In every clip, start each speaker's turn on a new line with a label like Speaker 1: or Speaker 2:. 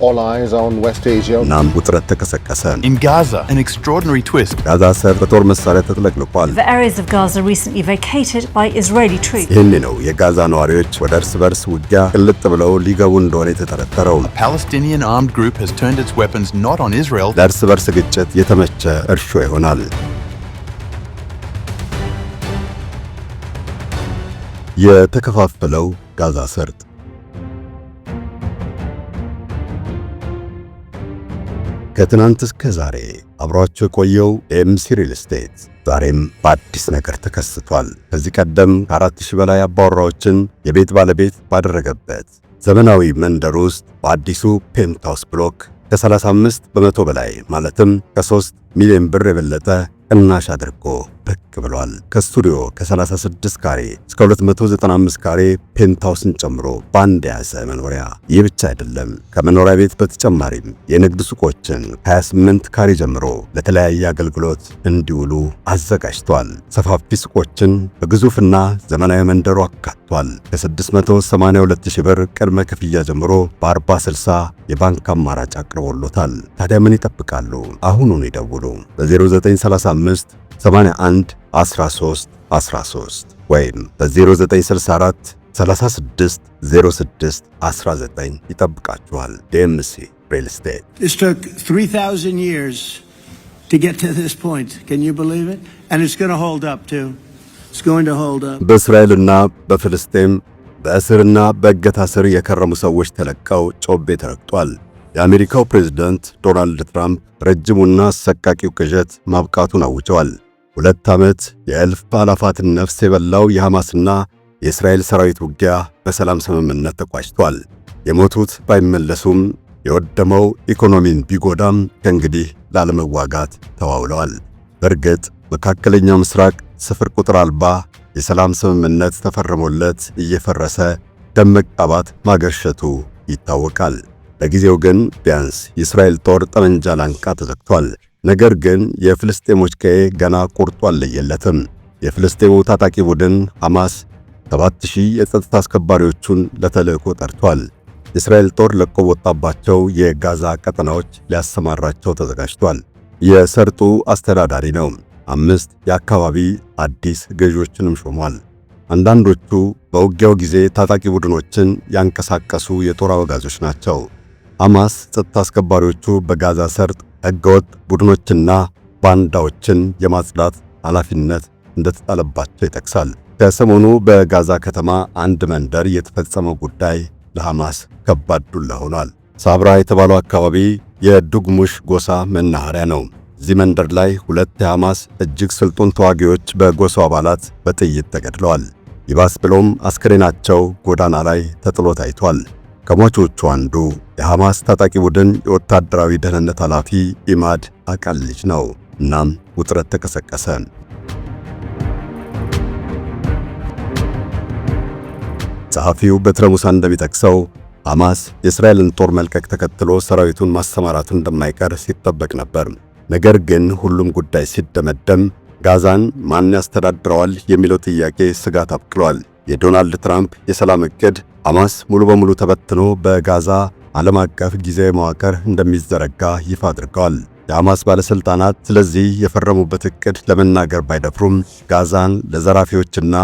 Speaker 1: All eyes on West Asia. In Gaza, an extraordinary twist.
Speaker 2: The
Speaker 3: areas of Gaza recently vacated by Israeli troops.
Speaker 2: ይህን ነው የጋዛ ነዋሪዎች ወደ እርስ በርስ ውጊያ ቅልጥ ብለው ሊገቡ እንደሆነ የተጠረጠረው።
Speaker 1: A Palestinian armed group has turned its weapons not on Israel.
Speaker 2: ለእርስ በርስ ግጭት የተመቸ እርሾ ይሆናል። የተከፋፈለው ጋዛ ሰርጥ ከትናንት እስከ ዛሬ አብሯቸው የቆየው ኤምሲ ሪል ስቴት ዛሬም በአዲስ ነገር ተከስቷል። ከዚህ ቀደም ከአራት ሺህ በላይ አባወራዎችን የቤት ባለቤት ባደረገበት ዘመናዊ መንደር ውስጥ በአዲሱ ፔንታውስ ብሎክ ከ35 በመቶ በላይ ማለትም ከ3 ሚሊዮን ብር የበለጠ ቅናሽ አድርጎ ብቅ ብሏል። ከስቱዲዮ ከ36 ካሬ እስከ 295 ካሬ ፔንታውስን ጨምሮ በአንድ የያዘ መኖሪያ። ይህ ብቻ አይደለም። ከመኖሪያ ቤት በተጨማሪም የንግድ ሱቆችን ከ28 ካሬ ጀምሮ ለተለያየ አገልግሎት እንዲውሉ አዘጋጅቷል። ሰፋፊ ሱቆችን በግዙፍና ዘመናዊ መንደሩ አካቷል። ከ682000 ብር ቅድመ ክፍያ ጀምሮ በ4060 የባንክ አማራጭ አቅርቦሎታል። ታዲያ ምን ይጠብቃሉ? አሁኑን ይደውሉ በ0935 81 13 13 ወይም በ0964 36 06 19 ይጠብቃችኋል። ዴምሲ ሪል ስቴት በእስራኤልና በፍልስጤም በእስርና በእገታ ስር የከረሙ ሰዎች ተለቀው ጮቤ ተረግጧል። የአሜሪካው ፕሬዚደንት ዶናልድ ትራምፕ ረጅሙና አሰቃቂው ቅዠት ማብቃቱን አውጀዋል። ሁለት ዓመት የእልፍ አላፋትን ነፍስ የበላው የሐማስና የእስራኤል ሰራዊት ውጊያ በሰላም ስምምነት ተቋጭቷል። የሞቱት ባይመለሱም የወደመው ኢኮኖሚን ቢጎዳም ከእንግዲህ ላለመዋጋት ተዋውለዋል። በእርግጥ መካከለኛው ምስራቅ ስፍር ቁጥር አልባ የሰላም ስምምነት ተፈርሞለት እየፈረሰ ደም መቃባት ማገርሸቱ ይታወቃል። ለጊዜው ግን ቢያንስ የእስራኤል ጦር ጠመንጃ ላንቃ ተዘግቷል። ነገር ግን የፍልስጤሞች ቀዬ ገና ቁርጡ አልለየለትም። የፍልስጤሙ ታጣቂ ቡድን ሐማስ 7000 የጸጥታ አስከባሪዎቹን ለተልዕኮ ጠርቷል። የእስራኤል ጦር ለቆ በወጣባቸው የጋዛ ቀጠናዎች ሊያሰማራቸው ተዘጋጅቷል። የሰርጡ አስተዳዳሪ ነው። አምስት የአካባቢ አዲስ ገዢዎችንም ሾሟል። አንዳንዶቹ በውጊያው ጊዜ ታጣቂ ቡድኖችን ያንቀሳቀሱ የጦር አበጋዞች ናቸው። ሐማስ ጸጥታ አስከባሪዎቹ በጋዛ ሰርጥ ሕገወጥ ቡድኖችና ባንዳዎችን የማጽዳት ኃላፊነት እንደተጣለባቸው ይጠቅሳል። ከሰሞኑ በጋዛ ከተማ አንድ መንደር የተፈጸመው ጉዳይ ለሐማስ ከባድ ዱላ ሆኗል። ሳብራ የተባለው አካባቢ የዱግሙሽ ጎሳ መናኸሪያ ነው። እዚህ መንደር ላይ ሁለት የሐማስ እጅግ ስልጡን ተዋጊዎች በጎሳው አባላት በጥይት ተገድለዋል። ይባስ ብሎም አስክሬናቸው ጎዳና ላይ ተጥሎ ታይቷል። ከሟቾቹ አንዱ የሐማስ ታጣቂ ቡድን የወታደራዊ ደህንነት ኃላፊ ኢማድ አቃል ልጅ ነው። እናም ውጥረት ተቀሰቀሰ። ጸሐፊው በትረ ሙሳ እንደሚጠቅሰው ሐማስ የእስራኤልን ጦር መልቀቅ ተከትሎ ሰራዊቱን ማሰማራቱ እንደማይቀር ሲጠበቅ ነበር። ነገር ግን ሁሉም ጉዳይ ሲደመደም ጋዛን ማን ያስተዳድረዋል የሚለው ጥያቄ ስጋት አብቅሏል። የዶናልድ ትራምፕ የሰላም እቅድ ሐማስ ሙሉ በሙሉ ተበትኖ በጋዛ ዓለም አቀፍ ጊዜ መዋቅር እንደሚዘረጋ ይፋ አድርገዋል። የሐማስ ባለሥልጣናት ስለዚህ የፈረሙበት እቅድ ለመናገር ባይደፍሩም ጋዛን ለዘራፊዎችና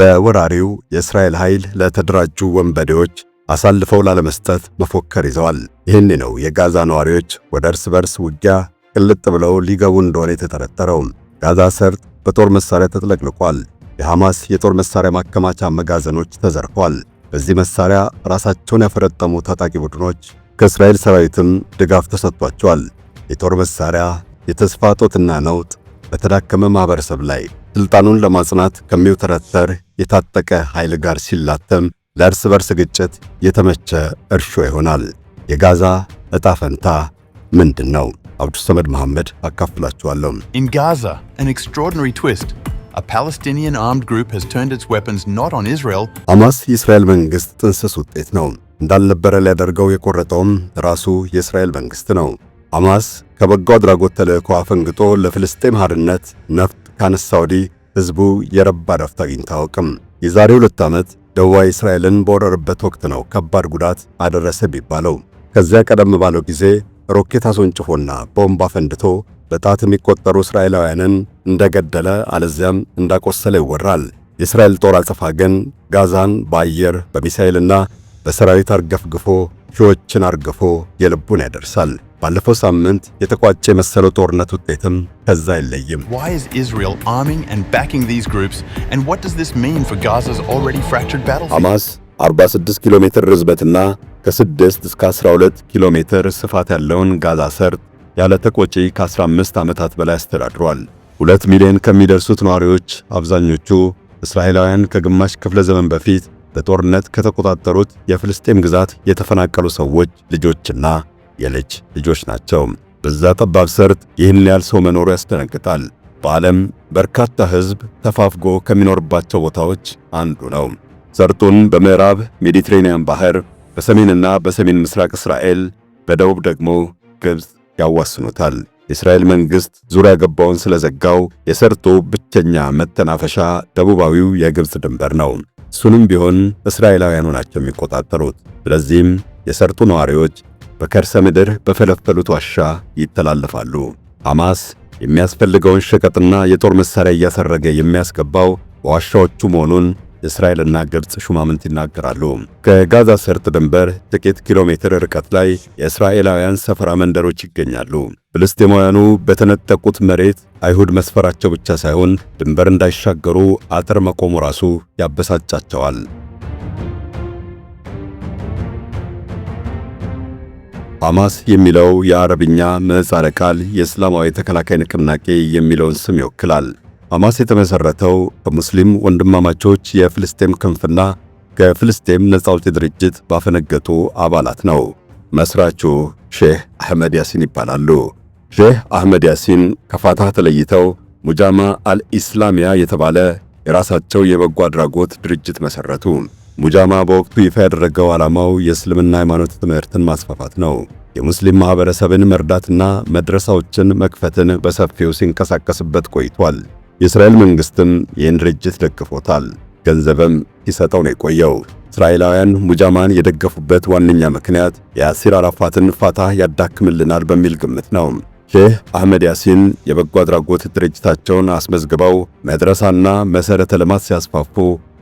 Speaker 2: በወራሪው የእስራኤል ኃይል ለተደራጁ ወንበዴዎች አሳልፈው ላለመስጠት መፎከር ይዘዋል። ይህን ነው የጋዛ ነዋሪዎች ወደ እርስ በርስ ውጊያ ቅልጥ ብለው ሊገቡ እንደሆነ የተጠረጠረው። ጋዛ ሰርጥ በጦር መሳሪያ ተጥለቅልቋል። የሐማስ የጦር መሳሪያ ማከማቻ መጋዘኖች ተዘርፏል። በዚህ መሳሪያ ራሳቸውን ያፈረጠሙ ታጣቂ ቡድኖች ከእስራኤል ሰራዊትም ድጋፍ ተሰጥቷቸዋል። የጦር መሳሪያ የተስፋ ጦትና ነውጥ በተዳከመ ማህበረሰብ ላይ ስልጣኑን ለማጽናት ከሚውተረተር የታጠቀ ኃይል ጋር ሲላተም ለእርስ በርስ ግጭት የተመቸ እርሾ ይሆናል። የጋዛ ዕጣ ፈንታ ምንድን ነው? አብዱሰመድ መሐመድ አካፍላችኋለሁ።
Speaker 1: ኢን ጋዛ አን ኤክስትራኦርዲናሪ ትዊስት a Palestinian armed group has turned its weapons not on Israel.
Speaker 2: ሐማስ የእስራኤል መንግስት ጥንስስ ውጤት ነው። እንዳልነበረ ሊያደርገው የቆረጠውም ራሱ የእስራኤል መንግስት ነው። ሐማስ ከበጎ አድራጎት ተልእኮ አፈንግጦ ለፍልስጤም ሐርነት ነፍጥ ካነሳ ወዲህ ህዝቡ የረባ ረፍት አግኝቶ አያውቅም። የዛሬ ሁለት ዓመት ደቡባዊ እስራኤልን በወረረበት ወቅት ነው ከባድ ጉዳት አደረሰ ቢባለው። ከዚያ ቀደም ባለው ጊዜ ሮኬት አስወንጭፎና ቦምብ አፈንድቶ በጣት የሚቆጠሩ እስራኤላውያንን እንደገደለ አለዚያም እንዳቆሰለ ይወራል። የእስራኤል ጦር አጸፋ ግን ጋዛን በአየር በሚሳኤልና በሰራዊት አርገፍግፎ ሺዎችን አርግፎ የልቡን ያደርሳል። ባለፈው ሳምንት የተቋጨ የመሰለው ጦርነት ውጤትም ከዛ አይለይም። ሐማስ 46 ኪሎ ሜትር ርዝበትና ከ6 እስከ 12 ኪሎ ሜትር ስፋት ያለውን ጋዛ ሰርጥ ያለ ተቆጪ ከ15 ዓመታት በላይ አስተዳድሯል። ሁለት ሚሊዮን ከሚደርሱት ነዋሪዎች አብዛኞቹ እስራኤላውያን ከግማሽ ክፍለ ዘመን በፊት በጦርነት ከተቆጣጠሩት የፍልስጤም ግዛት የተፈናቀሉ ሰዎች ልጆችና የልጅ ልጆች ናቸው። በዛ ጠባብ ሰርጥ ይህን ያህል ሰው መኖሩ ያስደነግጣል። በዓለም በርካታ ሕዝብ ተፋፍጎ ከሚኖርባቸው ቦታዎች አንዱ ነው። ሰርጡን በምዕራብ ሜዲትራኒያን ባህር፣ በሰሜንና በሰሜን ምስራቅ እስራኤል፣ በደቡብ ደግሞ ግብፅ ያዋስኑታል። የእስራኤል መንግሥት ዙሪያ ገባውን ስለዘጋው የሰርጦ ብቸኛ መተናፈሻ ደቡባዊው የግብፅ ድንበር ነው። እሱንም ቢሆን እስራኤላውያኑ ናቸው የሚቆጣጠሩት። ስለዚህም የሰርጡ ነዋሪዎች በከርሰ ምድር በፈለፈሉት ዋሻ ይተላለፋሉ። ሐማስ የሚያስፈልገውን ሸቀጥና የጦር መሳሪያ እያሰረገ የሚያስገባው በዋሻዎቹ መሆኑን እስራኤልና ግብፅ ሹማምንት ይናገራሉ። ከጋዛ ሰርጥ ድንበር ጥቂት ኪሎ ሜትር ርቀት ላይ የእስራኤላውያን ሰፈራ መንደሮች ይገኛሉ። ፍልስጤማውያኑ በተነጠቁት መሬት አይሁድ መስፈራቸው ብቻ ሳይሆን ድንበር እንዳይሻገሩ አጥር መቆሙ ራሱ ያበሳጫቸዋል። ሐማስ የሚለው የአረብኛ ምህጻረ ቃል የእስላማዊ ተከላካይ ንቅናቄ የሚለውን ስም ይወክላል። ሐማስ የተመሠረተው በሙስሊም ወንድማማቾች የፍልስጤም ክንፍና ከፍልስጤም ነፃ አውጪ ድርጅት ባፈነገጡ አባላት ነው። መስራቹ ሼህ አህመድ ያሲን ይባላሉ። ሼህ አህመድ ያሲን ከፋታህ ተለይተው ሙጃማ አልኢስላሚያ የተባለ የራሳቸው የበጎ አድራጎት ድርጅት መሠረቱ። ሙጃማ በወቅቱ ይፋ ያደረገው ዓላማው የእስልምና ሃይማኖት ትምህርትን ማስፋፋት ነው። የሙስሊም ማኅበረሰብን መርዳትና መድረሳዎችን መክፈትን በሰፊው ሲንቀሳቀስበት ቆይቷል። የእስራኤል መንግስትም ይህን ድርጅት ደግፎታል፣ ገንዘብም ይሰጠው ነው የቆየው። እስራኤላውያን ሙጃማን የደገፉበት ዋነኛ ምክንያት የያሲር አራፋትን ፋታህ ያዳክምልናል በሚል ግምት ነው። ሼህ አህመድ ያሲን የበጎ አድራጎት ድርጅታቸውን አስመዝግበው መድረሳና መሠረተ ልማት ሲያስፋፉ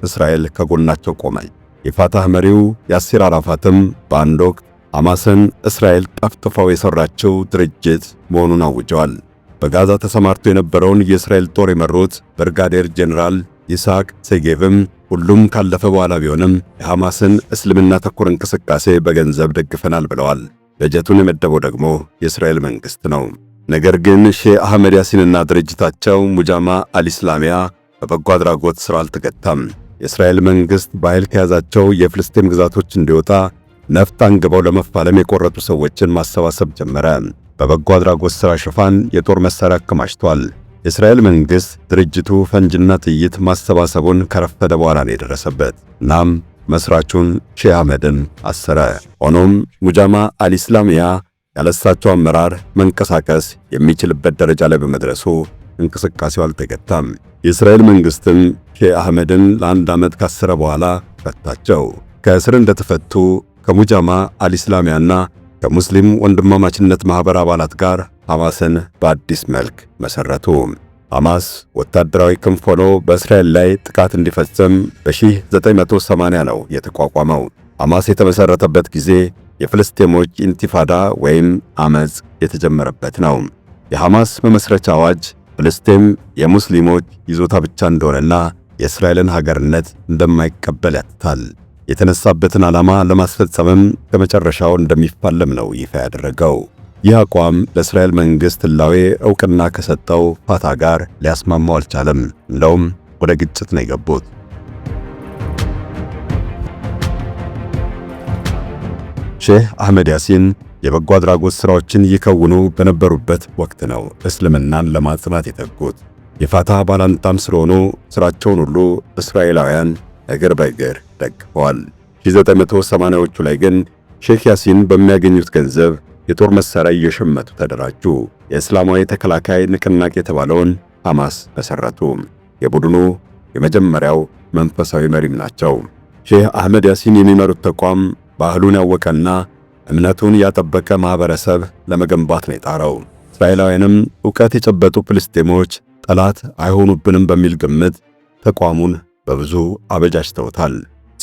Speaker 2: እስራኤል ከጎናቸው ቆመች። የፋታህ መሪው ያሲር አራፋትም በአንድ ወቅት ሐማስን እስራኤል ጠፍጥፋው የሠራችው ድርጅት መሆኑን አውጀዋል። በጋዛ ተሰማርቶ የነበረውን የእስራኤል ጦር የመሩት ብርጋዴር ጄኔራል ይስሐቅ ሴጌቭም ሁሉም ካለፈ በኋላ ቢሆንም የሐማስን እስልምና ተኮር እንቅስቃሴ በገንዘብ ደግፈናል ብለዋል። በጀቱን የመደበው ደግሞ የእስራኤል መንግሥት ነው። ነገር ግን ሼህ አህመድ ያሲንና ድርጅታቸው ሙጃማ አልኢስላሚያ በበጎ አድራጎት ሥራ አልተገታም። የእስራኤል መንግሥት በኃይል ከያዛቸው የፍልስጤም ግዛቶች እንዲወጣ ነፍጥ አንግበው ለመፋለም የቆረጡ ሰዎችን ማሰባሰብ ጀመረ። በበጎ አድራጎት ሥራ ሽፋን የጦር መሣሪያ አከማችቷል። የእስራኤል መንግሥት ድርጅቱ ፈንጅና ጥይት ማሰባሰቡን ከረፈደ በኋላ ነው የደረሰበት። እናም መሥራቹን ሼህ አህመድን አሰረ። ሆኖም ሙጃማ አልኢስላሚያ ያለሳቸው አመራር መንቀሳቀስ የሚችልበት ደረጃ ላይ በመድረሱ እንቅስቃሴው አልተገታም። የእስራኤል መንግሥትም ሼህ አህመድን ለአንድ ዓመት ካሰረ በኋላ ፈታቸው። ከእስር እንደተፈቱ ከሙጃማ አልኢስላሚያና ከሙስሊም ወንድማማችነት ማኅበር አባላት ጋር ሐማስን በአዲስ መልክ መሠረቱ። ሐማስ ወታደራዊ ክንፍ ሆኖ በእስራኤል ላይ ጥቃት እንዲፈጽም በ1980 ነው የተቋቋመው። ሐማስ የተመሠረተበት ጊዜ የፍልስጤሞች ኢንቲፋዳ ወይም ዐመፅ የተጀመረበት ነው። የሐማስ መመስረቻ አዋጅ ፍልስጤም የሙስሊሞች ይዞታ ብቻ እንደሆነና የእስራኤልን ሀገርነት እንደማይቀበል ያትታል። የተነሳበትን ዓላማ ለማስፈጸምም ከመጨረሻው እንደሚፋለም ነው ይፋ ያደረገው። ይህ አቋም ለእስራኤል መንግሥት ህላዌ ዕውቅና ከሰጠው ፋታ ጋር ሊያስማማው አልቻለም። እንደውም ወደ ግጭት ነው የገቡት። ሼህ አህመድ ያሲን የበጎ አድራጎት ሥራዎችን ይከውኑ በነበሩበት ወቅት ነው እስልምናን ለማጽናት የተጉት። የፋታ ባላንጣም ስለሆኑ ሥራቸውን ሁሉ እስራኤላውያን እግር በእግር ደግፈዋል። 1980ዎቹ ላይ ግን ሼክ ያሲን በሚያገኙት ገንዘብ የጦር መሳሪያ እየሸመቱ ተደራጁ። የእስላማዊ ተከላካይ ንቅናቄ የተባለውን ሐማስ መሰረቱ። የቡድኑ የመጀመሪያው መንፈሳዊ መሪም ናቸው። ሼህ አህመድ ያሲን የሚመሩት ተቋም ባህሉን ያወቀና እምነቱን ያጠበቀ ማህበረሰብ ለመገንባት ነው የጣረው። እስራኤላውያንም ዕውቀት የጨበጡ ፍልስጤሞች ጠላት አይሆኑብንም በሚል ግምት ተቋሙን በብዙ አበጃጅተውታል።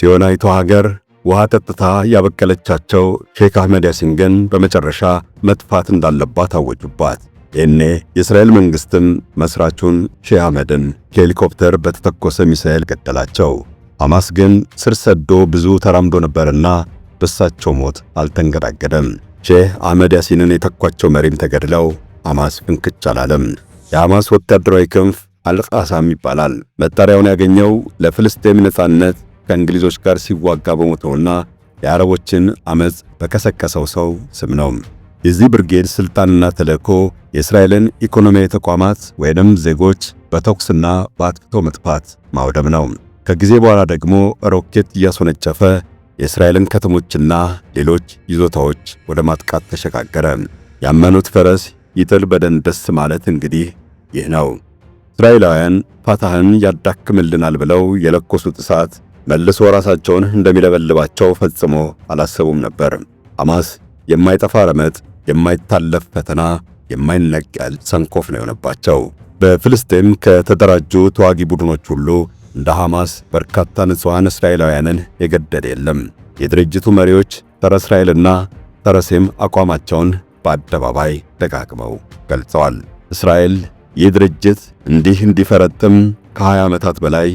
Speaker 2: ጽዮናዊቷ ሀገር ውሃ ጠጥታ ያበቀለቻቸው ሼክ አህመድ ያሲን ግን በመጨረሻ መጥፋት እንዳለባት አወጁባት። ይህኔ የእስራኤል መንግሥትም መሥራቹን ሼህ አህመድን ከሄሊኮፕተር በተተኮሰ ሚሳኤል ገደላቸው። ሐማስ ግን ስር ሰዶ ብዙ ተራምዶ ነበርና በሳቸው ሞት አልተንገዳገደም። ሼህ አህመድ ያሲንን የተኳቸው መሪም ተገድለው ሐማስ ፍንክች አላለም። የሐማስ ወታደራዊ ክንፍ አልቃሳም ይባላል። መጠሪያውን ያገኘው ለፍልስጤም ነፃነት ከእንግሊዞች ጋር ሲዋጋ በሞተውና የአረቦችን አመፅ በቀሰቀሰው ሰው ስም ነው። የዚህ ብርጌድ ስልጣንና ተልእኮ የእስራኤልን ኢኮኖሚያዊ ተቋማት ወይንም ዜጎች በተኩስና በአጥፍቶ መጥፋት ማውደም ነው። ከጊዜ በኋላ ደግሞ ሮኬት እያስወነጨፈ የእስራኤልን ከተሞችና ሌሎች ይዞታዎች ወደ ማጥቃት ተሸጋገረ። ያመኑት ፈረስ ይጥል በደን ደስ ማለት እንግዲህ ይህ ነው። እስራኤላውያን ፋታህን ያዳክምልናል ብለው የለኮሱት እሳት መልሶ ራሳቸውን እንደሚለበልባቸው ፈጽሞ አላሰቡም ነበር። ሐማስ የማይጠፋ ረመጥ፣ የማይታለፍ ፈተና፣ የማይነቀል ሰንኮፍ ነው የሆነባቸው። በፍልስጤም ከተደራጁ ተዋጊ ቡድኖች ሁሉ እንደ ሐማስ በርካታ ንጹሐን እስራኤላውያንን የገደለ የለም። የድርጅቱ መሪዎች ጸረ እስራኤልና ጸረ ሴም አቋማቸውን በአደባባይ ደጋግመው ገልጸዋል። እስራኤል ይህ ድርጅት እንዲህ እንዲፈረጥም ከ20 ዓመታት በላይ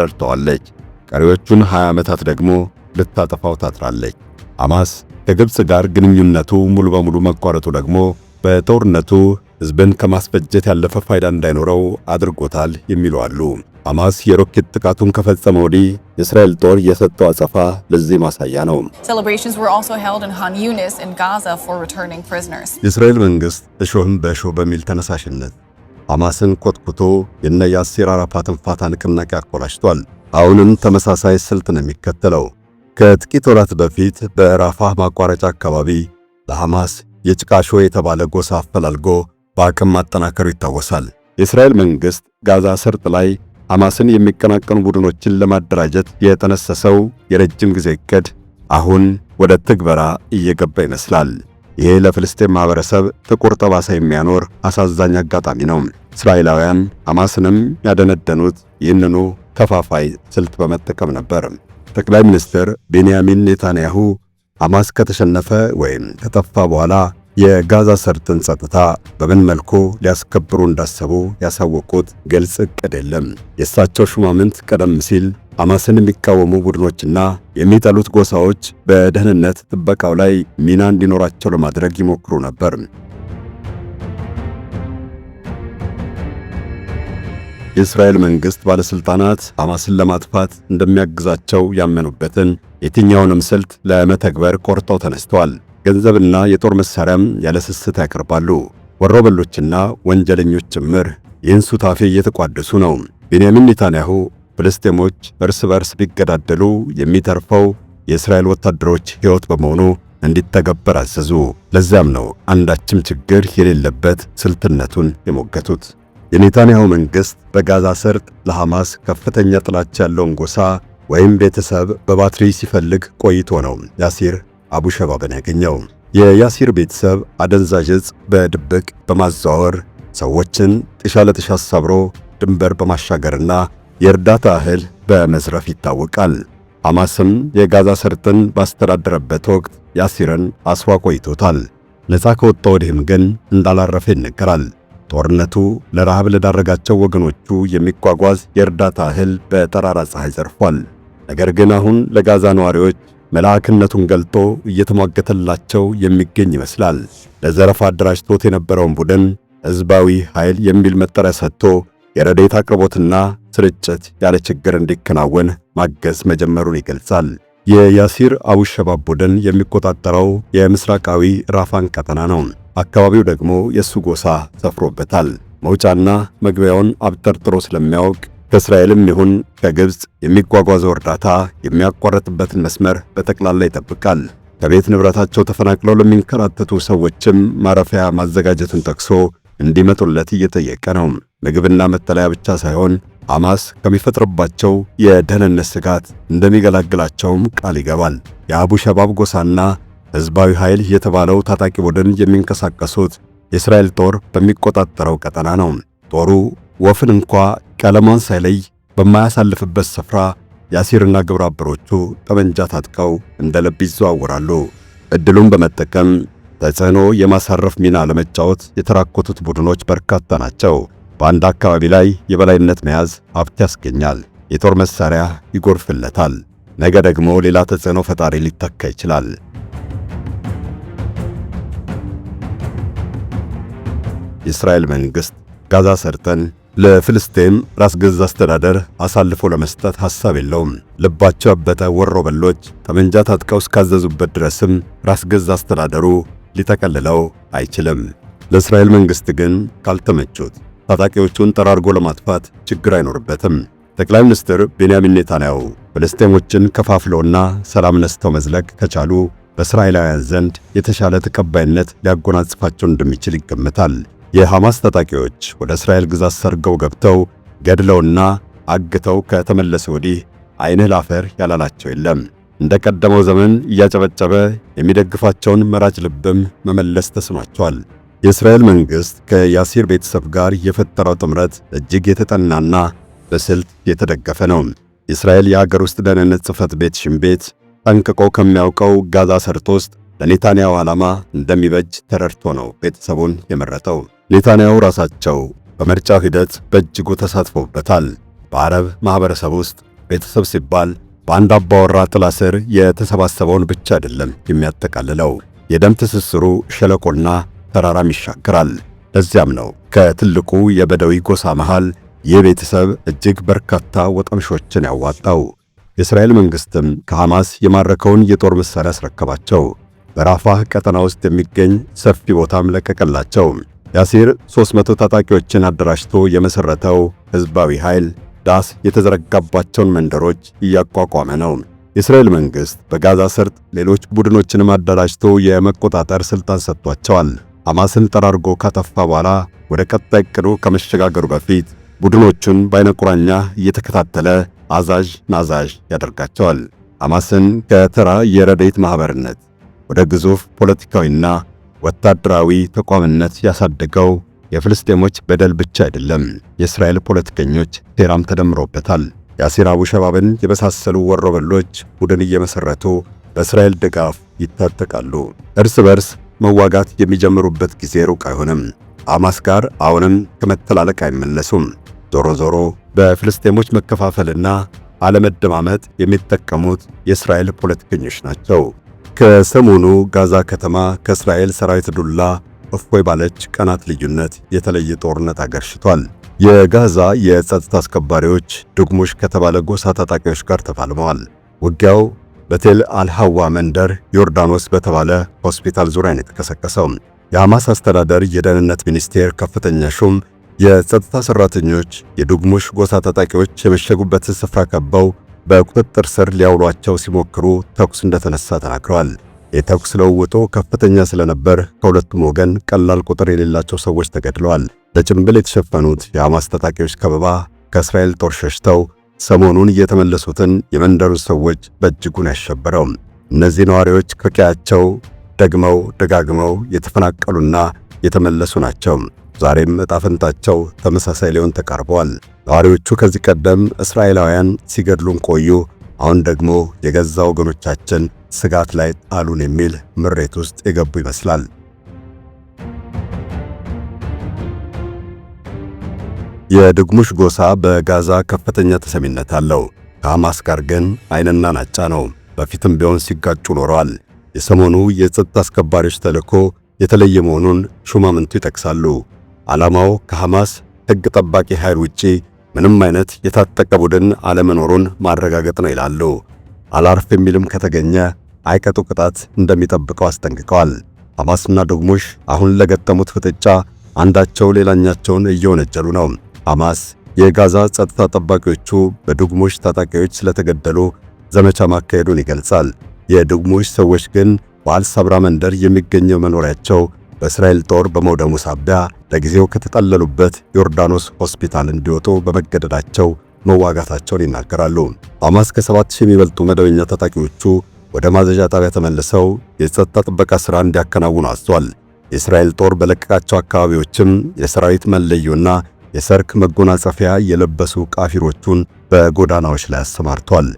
Speaker 2: ረድተዋለች። ቀሪዎቹን 20 ዓመታት ደግሞ ልታጠፋው ታጥራለች። ሐማስ ከግብፅ ጋር ግንኙነቱ ሙሉ በሙሉ መቋረጡ ደግሞ በጦርነቱ ሕዝብን ከማስፈጀት ያለፈ ፋይዳ እንዳይኖረው አድርጎታል የሚሉ አሉ። ሐማስ የሮኬት ጥቃቱን ከፈጸመ ወዲህ የእስራኤል ጦር የሰጠው አጸፋ ለዚህ ማሳያ ነው። የእስራኤል መንግሥት እሾህም በእሾህ በሚል ተነሳሽነት ሐማስን ኮትኩቶ የነ ያሲር አራፋትን ፋታ ንቅናቄ አኮላሽቷል። አሁንም ተመሳሳይ ስልት ነው የሚከተለው። ከጥቂት ወራት በፊት በራፋህ ማቋረጫ አካባቢ ለሐማስ የጭቃሾ የተባለ ጎሳ አፈላልጎ በአቅም ማጠናከሩ ይታወሳል። የእስራኤል መንግሥት ጋዛ ሰርጥ ላይ ሐማስን የሚቀናቀኑ ቡድኖችን ለማደራጀት የተነሰሰው የረጅም ጊዜ እቅድ አሁን ወደ ትግበራ እየገባ ይመስላል። ይሄ ለፍልስጤም ማህበረሰብ ጥቁር ጠባሳ የሚያኖር አሳዛኝ አጋጣሚ ነው። እስራኤላውያን ሐማስንም ያደነደኑት ይህንኑ ከፋፋይ ስልት በመጠቀም ነበር። ጠቅላይ ሚኒስትር ቤንያሚን ኔታንያሁ ሐማስ ከተሸነፈ ወይም ከጠፋ በኋላ የጋዛ ሰርጥን ጸጥታ በምን መልኩ ሊያስከብሩ እንዳሰቡ ያሳወቁት ግልጽ እቅድ የለም። የእሳቸው ሹማምንት ቀደም ሲል ሐማስን የሚቃወሙ ቡድኖችና የሚጠሉት ጎሳዎች በደህንነት ጥበቃው ላይ ሚና እንዲኖራቸው ለማድረግ ይሞክሩ ነበር። የእስራኤል መንግሥት ባለሥልጣናት ሐማስን ለማጥፋት እንደሚያግዛቸው ያመኑበትን የትኛውንም ስልት ለመተግበር ቆርጠው ተነስተዋል። ገንዘብና የጦር መሣሪያም ያለ ስስት ያቀርባሉ። ወሮበሎችና ወንጀለኞች ጭምር ይህን ሱታፌ እየተቋደሱ ነው። ቤንያሚን ኔታንያሁ ፍልስጤሞች እርስ በርስ ቢገዳደሉ የሚተርፈው የእስራኤል ወታደሮች ሕይወት በመሆኑ እንዲተገበር አዘዙ። ለዚያም ነው አንዳችም ችግር የሌለበት ስልትነቱን የሞገቱት። የኔታንያሁ መንግሥት በጋዛ ሰርጥ ለሐማስ ከፍተኛ ጥላቻ ያለውን ጎሳ ወይም ቤተሰብ በባትሪ ሲፈልግ ቆይቶ ነው ያሲር አቡሸባብን ያገኘው። የያሲር ቤተሰብ አደንዛዥ ዕፅ በድብቅ በማዘዋወር ሰዎችን ጥሻ ለጥሻ አሳብሮ ድንበር በማሻገርና የእርዳታ እህል በመዝረፍ ይታወቃል። ሐማስም የጋዛ ሰርጥን ባስተዳደረበት ወቅት ያሲርን አስሯ ቆይቶታል። ነፃ ከወጣ ወዲህም ግን እንዳላረፈ ይነገራል። ጦርነቱ ለረሃብ ለዳረጋቸው ወገኖቹ የሚጓጓዝ የእርዳታ እህል በጠራራ ፀሐይ ዘርፏል። ነገር ግን አሁን ለጋዛ ነዋሪዎች መልአክነቱን ገልጦ እየተሟገተላቸው የሚገኝ ይመስላል። ለዘረፋ አደራጅቶት የነበረውን ቡድን ሕዝባዊ ኃይል የሚል መጠሪያ ሰጥቶ የረዴት አቅርቦትና ስርጭት ያለ ችግር እንዲከናወን ማገዝ መጀመሩን ይገልጻል። የያሲር አቡሸባብ ቡድን የሚቆጣጠረው የምስራቃዊ ራፋን ቀጠና ነው። አካባቢው ደግሞ የእሱ ጎሳ ሰፍሮበታል። መውጫና መግቢያውን አብጠርጥሮ ስለሚያውቅ ከእስራኤልም ይሁን ከግብፅ የሚጓጓዘው እርዳታ የሚያቋረጥበትን መስመር በጠቅላላ ይጠብቃል። ከቤት ንብረታቸው ተፈናቅለው ለሚንከራተቱ ሰዎችም ማረፊያ ማዘጋጀቱን ጠቅሶ እንዲመጡለት እየጠየቀ ነው። ምግብና መጠለያ ብቻ ሳይሆን ሐማስ ከሚፈጥርባቸው የደህንነት ስጋት እንደሚገላግላቸውም ቃል ይገባል። የአቡ ሸባብ ጎሳና ሕዝባዊ ኃይል የተባለው ታጣቂ ቡድን የሚንቀሳቀሱት የእስራኤል ጦር በሚቆጣጠረው ቀጠና ነው። ጦሩ ወፍን እንኳ ቀለሟን ሳይለይ በማያሳልፍበት ስፍራ የአሲርና ግብረ አበሮቹ ጠመንጃ ታጥቀው እንደ ልብ ይዘዋወራሉ። ዕድሉን በመጠቀም ተጽዕኖ የማሳረፍ ሚና ለመጫወት የተራኮቱት ቡድኖች በርካታ ናቸው። በአንድ አካባቢ ላይ የበላይነት መያዝ ሀብት ያስገኛል፣ የጦር መሳሪያ ይጎርፍለታል። ነገ ደግሞ ሌላ ተጽዕኖ ፈጣሪ ሊተካ ይችላል። የእስራኤል መንግሥት ጋዛ ሰርጠን ለፍልስጤም ራስ ገዝ አስተዳደር አሳልፎ ለመስጠት ሐሳብ የለውም። ልባቸው ያበጠ በሎች ጠመንጃ ታጥቀው እስካዘዙበት ድረስም ራስ ገዝ አስተዳደሩ ሊተቀልለው አይችልም። ለእስራኤል መንግሥት ግን ካልተመቹት ታጣቂዎቹን ጠራርጎ ለማጥፋት ችግር አይኖርበትም። ጠቅላይ ሚኒስትር ቤንያሚን ኔታንያሁ ፍልስጤሞችን ከፋፍለውና ሰላም ነስተው መዝለቅ ከቻሉ በእስራኤላውያን ዘንድ የተሻለ ተቀባይነት ሊያጎናጽፋቸው እንደሚችል ይገመታል። የሐማስ ታጣቂዎች ወደ እስራኤል ግዛት ሰርገው ገብተው ገድለውና አግተው ከተመለሰ ወዲህ ዓይንህ ላፈር ያላላቸው የለም። እንደ ቀደመው ዘመን እያጨበጨበ የሚደግፋቸውን መራጭ ልብም መመለስ ተስኗቸዋል። የእስራኤል መንግሥት ከያሲር ቤተሰብ ጋር የፈጠረው ጥምረት እጅግ የተጠናና በስልት የተደገፈ ነው። የእስራኤል የሀገር ውስጥ ደህንነት ጽሕፈት ቤት ሽምቤት ጠንቅቆ ከሚያውቀው ጋዛ ሰርጥ ውስጥ ለኔታንያሁ ዓላማ እንደሚበጅ ተረድቶ ነው ቤተሰቡን የመረጠው። ኔታንያሁ ራሳቸው በምርጫ ሂደት በእጅጉ ተሳትፎበታል። በአረብ ማህበረሰብ ውስጥ ቤተሰብ ሲባል በአንድ አባወራ ጥላ ስር የተሰባሰበውን ብቻ አይደለም የሚያጠቃልለው። የደም ትስስሩ ሸለቆና ተራራም ይሻገራል። ለዚያም ነው ከትልቁ የበደዊ ጎሳ መሃል ይህ ቤተሰብ እጅግ በርካታ ወጠምሾችን ያዋጣው። የእስራኤል መንግስትም ከሐማስ የማረከውን የጦር መሳሪያ አስረከባቸው። በራፋህ ቀጠና ውስጥ የሚገኝ ሰፊ ቦታም ለቀቀላቸው። ያሲር 300 ታጣቂዎችን አደራጅቶ የመሠረተው ሕዝባዊ ኃይል ዳስ የተዘረጋባቸውን መንደሮች እያቋቋመ ነው። የእስራኤል መንግሥት በጋዛ ሰርጥ ሌሎች ቡድኖችንም አደራጅቶ የመቆጣጠር ሥልጣን ሰጥቷቸዋል። ሐማስን ጠራርጎ ካጠፋ በኋላ ወደ ቀጣይ ዕቅዱ ከመሸጋገሩ በፊት ቡድኖቹን በአይነቁራኛ እየተከታተለ አዛዥ ናዛዥ ያደርጋቸዋል። ሐማስን ከተራ የረድኤት ማኅበርነት ወደ ግዙፍ ፖለቲካዊና ወታደራዊ ተቋምነት ያሳደገው የፍልስጤሞች በደል ብቻ አይደለም፣ የእስራኤል ፖለቲከኞች ሴራም ተደምሮበታል። የአሲር አቡሸባብን የመሳሰሉ ወሮበሎች ቡድን እየመሰረቱ በእስራኤል ድጋፍ ይታጠቃሉ። እርስ በርስ መዋጋት የሚጀምሩበት ጊዜ ሩቅ አይሆንም። አማስ ጋር አሁንም ከመተላለቅ አይመለሱም። ዞሮ ዞሮ በፍልስጤሞች መከፋፈልና አለመደማመጥ የሚጠቀሙት የእስራኤል ፖለቲከኞች ናቸው። ከሰሞኑ ጋዛ ከተማ ከእስራኤል ሰራዊት ዱላ እፎይ ባለች ቀናት ልዩነት የተለየ ጦርነት አገርሽቷል። የጋዛ የጸጥታ አስከባሪዎች ድግሞሽ ከተባለ ጎሳ ታጣቂዎች ጋር ተፋልመዋል። ውጊያው በቴል አልሃዋ መንደር ዮርዳኖስ በተባለ ሆስፒታል ዙሪያ ነው የተቀሰቀሰው። የሐማስ አስተዳደር የደህንነት ሚኒስቴር ከፍተኛ ሹም የጸጥታ ሰራተኞች የድግሞሽ ጎሳ ታጣቂዎች የመሸጉበትን ስፍራ ከበው በቁጥጥር ስር ሊያውሏቸው ሲሞክሩ ተኩስ እንደተነሳ ተናግረዋል። የተኩስ ልውውጡ ከፍተኛ ስለነበር ከሁለቱም ወገን ቀላል ቁጥር የሌላቸው ሰዎች ተገድለዋል። ለጭንብል የተሸፈኑት የሐማስ ታጣቂዎች ከበባ ከእስራኤል ጦር ሸሽተው ሰሞኑን እየተመለሱትን የመንደሩን ሰዎች በእጅጉን ያሸበረው። እነዚህ ነዋሪዎች ከቀያቸው ደግመው ደጋግመው የተፈናቀሉና የተመለሱ ናቸው። ዛሬም ዕጣ ፈንታቸው ተመሳሳይ ሊሆን ተቃርበዋል። ነዋሪዎቹ ከዚህ ቀደም እስራኤላውያን ሲገድሉን ቆዩ፣ አሁን ደግሞ የገዛ ወገኖቻችን ስጋት ላይ ጣሉን የሚል ምሬት ውስጥ የገቡ ይመስላል። የድግሙሽ ጎሳ በጋዛ ከፍተኛ ተሰሚነት አለው። ከሐማስ ጋር ግን አይንና ናጫ ነው። በፊትም ቢሆን ሲጋጩ ኖረዋል። የሰሞኑ የጸጥታ አስከባሪዎች ተልዕኮ የተለየ መሆኑን ሹማምንቱ ይጠቅሳሉ። ዓላማው ከሐማስ ሕግ ጠባቂ ኃይል ውጪ ምንም አይነት የታጠቀ ቡድን አለመኖሩን ማረጋገጥ ነው ይላሉ። አላርፍ የሚልም ከተገኘ አይቀጡ ቅጣት እንደሚጠብቀው አስጠንቅቀዋል። ሐማስና ዶግሞሽ አሁን ለገጠሙት ፍጥጫ አንዳቸው ሌላኛቸውን እየወነጀሉ ነው። ሐማስ የጋዛ ጸጥታ ጠባቂዎቹ በዶግሞሽ ታጣቂዎች ስለተገደሉ ዘመቻ ማካሄዱን ይገልጻል። የዶግሞሽ ሰዎች ግን በአልሳብራ መንደር የሚገኘው መኖሪያቸው በእስራኤል ጦር በመውደሙ ሳቢያ ለጊዜው ከተጠለሉበት ዮርዳኖስ ሆስፒታል እንዲወጡ በመገደዳቸው መዋጋታቸውን ይናገራሉ። ሐማስ ከ7000 የሚበልጡ መደበኛ ታጣቂዎቹ ወደ ማዘዣ ጣቢያ ተመልሰው የጸጥታ ጥበቃ ሥራ እንዲያከናውኑ አዟል። የእስራኤል ጦር በለቀቃቸው አካባቢዎችም የሰራዊት መለዮና የሰርክ መጎናጸፊያ የለበሱ ቃፊሮቹን በጎዳናዎች ላይ አሰማርቷል።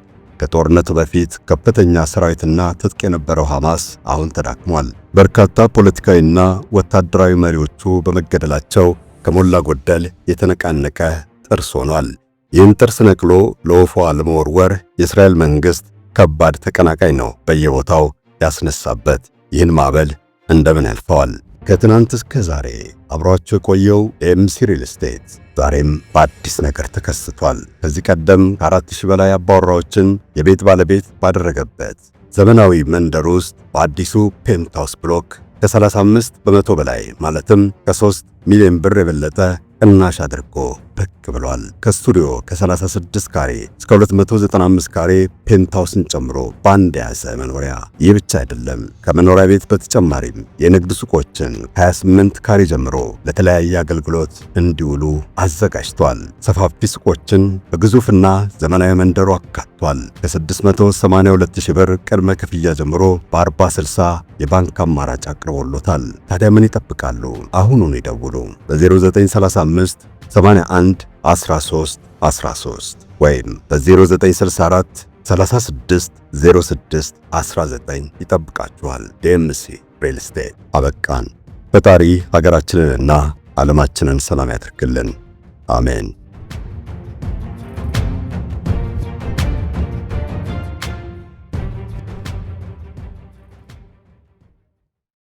Speaker 2: ከጦርነቱ በፊት ከፍተኛ ሰራዊትና ትጥቅ የነበረው ሐማስ አሁን ተዳክሟል። በርካታ ፖለቲካዊና ወታደራዊ መሪዎቹ በመገደላቸው ከሞላ ጎደል የተነቃነቀ ጥርስ ሆኗል። ይህን ጥርስ ነቅሎ ለወፏ ለመወርወር የእስራኤል መንግሥት ከባድ ተቀናቃኝ ነው በየቦታው ያስነሳበት። ይህን ማዕበል እንደምን ያልፈዋል? ከትናንት እስከ ዛሬ አብሯቸው የቆየው ኤምሲ ሪል ስቴት ዛሬም በአዲስ ነገር ተከስቷል። ከዚህ ቀደም ከ ሺህ በላይ አባወራዎችን የቤት ባለቤት ባደረገበት ዘመናዊ መንደር ውስጥ በአዲሱ ፔንታውስ ብሎክ ከ35 በመቶ በላይ ማለትም ከ3 ሚሊዮን ብር የበለጠ ቅናሽ አድርጎ ብቅ ብሏል። ከስቱዲዮ ከ36 ካሬ እስከ 295 ካሬ ፔንታውስን ጨምሮ በአንድ የያዘ መኖሪያ። ይህ ብቻ አይደለም። ከመኖሪያ ቤት በተጨማሪም የንግድ ሱቆችን ከ28 ካሬ ጀምሮ ለተለያየ አገልግሎት እንዲውሉ አዘጋጅቷል። ሰፋፊ ሱቆችን በግዙፍና ዘመናዊ መንደሩ አካቷል። ከ682 ሺህ ብር ቅድመ ክፍያ ጀምሮ በ 460 የባንክ አማራጭ አቅርቦሎታል። ታዲያ ምን ይጠብቃሉ? አሁኑን ይደውሉ በ0935 81 13 13 ወይም በ0964 36 06 19 ይጠብቃችኋል። ዴምሲ ሪል ስቴት። አበቃን። ፈጣሪ ሀገራችንንና ዓለማችንን ሰላም ያደርግልን። አሜን።